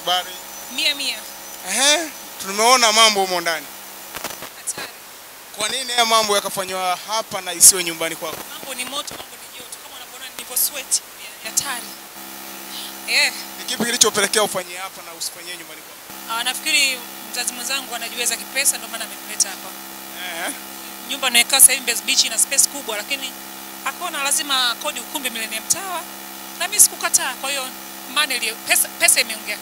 habari? Mia mia. Ehe, tumeona mambo humo ndani. Hatari. Kwa nini haya mambo yakafanywa hapa na isiwe nyumbani kwako? Mambo ni moto, mambo ni joto. Kama unavyoona nipo sweat, hatari. Eh. Ni kipi kilichopelekea ufanyie hapa na usifanyie nyumbani kwako? Ah, nafikiri mzazi mwenzangu anajiweza kipesa ndio maana amenileta hapa. Ehe. Nyumba inayokaa sasa hivi Mbezi Beach ina space kubwa lakini akaona lazima kodi ukumbi Millennium Tower na mimi sikukataa. Kwa hiyo maana pesa, pesa imeongea.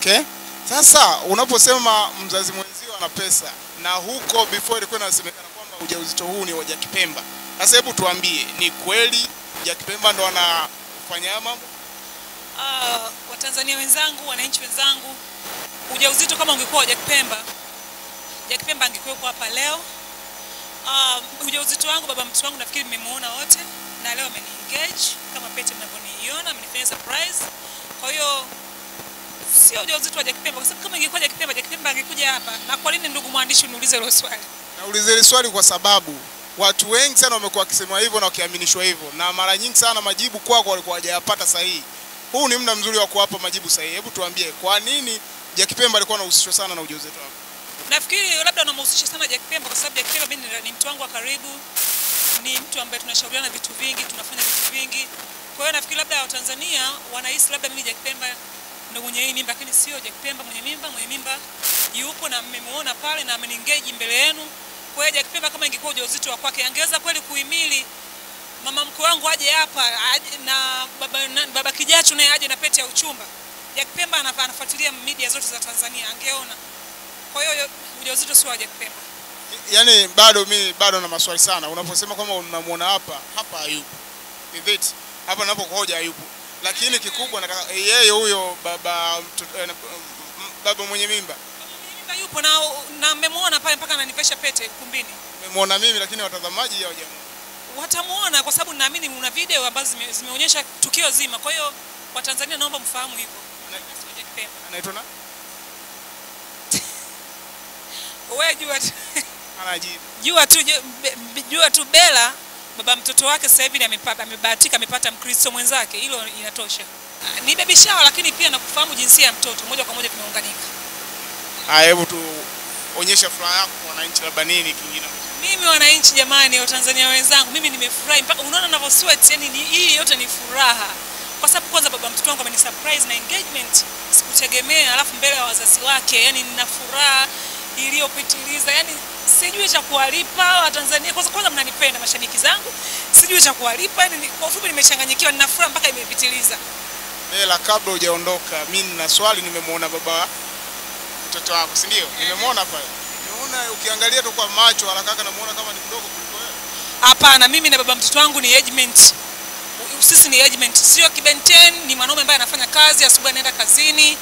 Okay? Sasa unaposema mzazi mwenzio ana pesa na huko before ilikuwa inasemekana kwamba ujauzito huu ni wa Jack Pemba. Sasa hebu tuambie, ni kweli Jack Pemba ndo anafanya mambo? Uh, ah, Watanzania wenzangu, wananchi wenzangu, ujauzito kama ungekuwa wa Jack Pemba, Jack Pemba angekuwepo hapa leo. Uh, ujauzito wangu baba mtu wangu nafikiri mmemuona wote, na leo ameni engage kama pete mnavyoniona, amenifanya surprise waliopewa ujauzito wa Jakipembe, kwa sababu kama ingekuwa Jakipembe, Jakipembe angekuja hapa. Na kwa nini, ndugu mwandishi, uniulize hilo swali? Naulize hilo swali kwa sababu watu wengi sana wamekuwa wakisema hivyo na wakiaminishwa hivyo, na mara nyingi sana majibu kwako walikuwa hawajayapata sahihi. Huu ni muda mzuri wa kuwapa majibu sahihi. Hebu tuambie, kwa nini Jakipembe alikuwa anahusishwa sana na ujauzito wako? Nafikiri labda anamhusisha sana Jakipembe kwa sababu Jakipembe mimi ni mtu wangu wa karibu, ni mtu ambaye tunashauriana vitu vingi, tunafanya vitu vingi. Kwa hiyo nafikiri labda Watanzania wanahisi labda mimi Jakipembe ndo mwenye hii mimba, lakini sio Jack Pemba mwenye mimba. Mwenye mimba yupo na mmemuona pale na ameningeji mbele yenu. Kwa hiyo Jack Pemba kama ingekuwa ujauzito wa kwake, angeweza kweli kuhimili mama mkwe wangu aje hapa na baba, na, baba Kijachu naye aje na pete ya uchumba. Jack Pemba anafuatilia media zote za Tanzania, angeona. Kwa hiyo ujauzito sio wa Jack Pemba. Yaani bado mi bado na maswali sana. Unaposema kwamba unamwona hapa, hapa hayupo. Hapa napokuhoja hayupo lakini kikubwa nataka eh, yeye huyo baba eh, baba mwenye mimba mimba yupo na na mmemwona pale mpaka ananivesha pete kumbini. Mmemwona mimi lakini watazamaji hawajamuona. Watamuona kwa sababu naamini una video ambazo zime, zimeonyesha tukio zima. Kwa hiyo Watanzania naomba mfahamu hivyo. Anaitwa na? Wewe jua tu. Anajibu. Jua tu jua tu Bella baba mtoto wake sasa hivi amebahatika amepata Mkristo mwenzake, hilo inatosha. Ni baby shower, lakini pia nakufahamu jinsia ya mtoto moja kwa moja, tumeunganika. Haya, ah, hebu tuonyeshe furaha yako kwa wananchi, labda nini kingine mimi wananchi jamani, Watanzania wenzangu, mimi nimefurahi mpaka unaona ninavyo sweat, yani hii yote ni furaha, kwa sababu kwanza baba mtoto wangu amenisurprise na engagement, sikutegemea, alafu mbele ya wazazi wake, yani nina furaha iliyopitiliza, yani sijui cha kuwalipa Watanzania. Kwanza kwanza mnanipenda mashabiki zangu, sijui cha kuwalipa. Yani kwa ufupi, nimechanganyikiwa, nina furaha mpaka imepitiliza. Bela, kabla hujaondoka, mimi nina swali. Nimemwona baba mtoto wako, si ndio? Nimemwona pale, nimeona ukiangalia tu kwa macho haraka namuona kama ni mdogo kuliko wewe. Hapana, mimi na baba mtoto wangu ni agent. sisi ni agent, sio kibenteni. Ni mwanaume ambaye anafanya kazi, asubuhi anaenda kazini,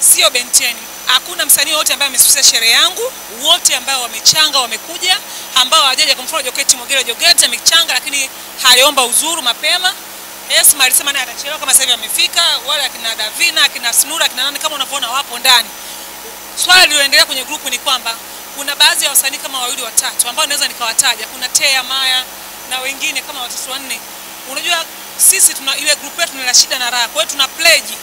sio benteni hakuna msanii wote ambaye amesusia sherehe yangu. Wote ambao wamechanga wamekuja, ambao hawajaja kumfuata Joketi Mwegelo Joketi amechanga, lakini haliomba uzuru mapema. Esma alisema naye atachelewa, kama sasa hivi amefika. Wale akina Davina, akina Snura, akina nani, kama unavyoona wapo ndani. Swala lililoendelea kwenye grupu ni kwamba kuna baadhi ya wasanii kama wawili watatu ambao naweza nikawataja. Kuna Tea Maya na wengine kama watoto wanne. Unajua sisi tuna ile grupu yetu tuna shida na raha, kwa hiyo tuna pledge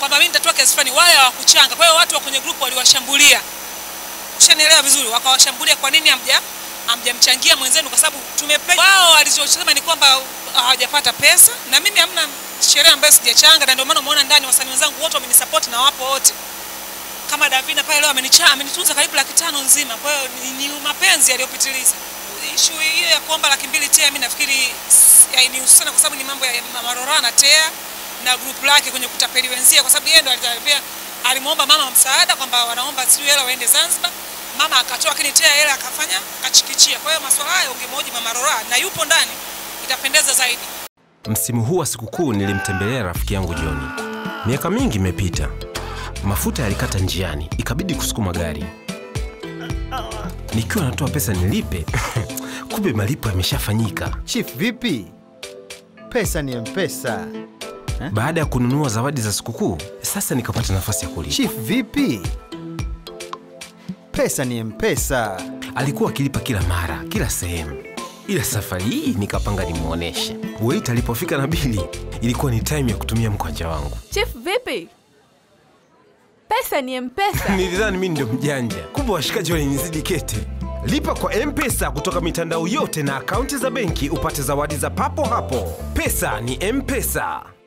kwamba mimi nitatoa kiasi fulani, wale hawakuchanga. Kwa hiyo watu wa kwenye grupu waliwashambulia, ushanielewa vizuri, wakawashambulia kwa nini amja hamjamchangia mwenzenu, kwa sababu tumepe wao walichosema ni kwamba hawajapata pesa, na mimi hamna sherehe ambayo sijachanga, na ndio maana umeona ndani wasanii wenzangu wote wamenisupport na wapo wote kama Davina pale leo amenicha amenitunza karibu laki tano nzima. Kwa hiyo ni, ni mapenzi yaliyopitiliza. Ishu hiyo ya kuomba laki mbili TEA mimi nafikiri hainihusu sana, kwa sababu ni mambo ya Marorana TEA na group lake kwenye kutapeli wenzia, kwa sababu yeye ndo alitaambia, alimuomba mama msaada kwamba wanaomba sijui hela waende Zanzibar, mama akatoa, lakini tena hela akafanya kachikichia. Kwa hiyo masuala hayo ungemhoji mama Rora na yupo ndani, itapendeza zaidi. Msimu huu wa sikukuu nilimtembelea rafiki yangu Joni. Miaka mingi imepita, mafuta yalikata njiani, ikabidi kusukuma gari. Nikiwa natoa pesa nilipe, kumbe malipo yameshafanyika. Chief, vipi? Pesa ni mpesa. Eh? Baada ya kununua zawadi za sikukuu, sasa nikapata nafasi ya kulipa. Chief vipi? Pesa ni mpesa. Alikuwa akilipa kila mara, kila sehemu, ila safari hii nikapanga nimwoneshe. Wait alipofika na bili, ilikuwa ni time ya kutumia mkwanja wangu. Chief vipi? Pesa ni mpesa. Nilidhani mimi ndio mjanja, kumbe washikaji walinizidi kete. Lipa kwa mpesa kutoka mitandao yote na akaunti za benki upate zawadi za papo hapo. Pesa ni mpesa.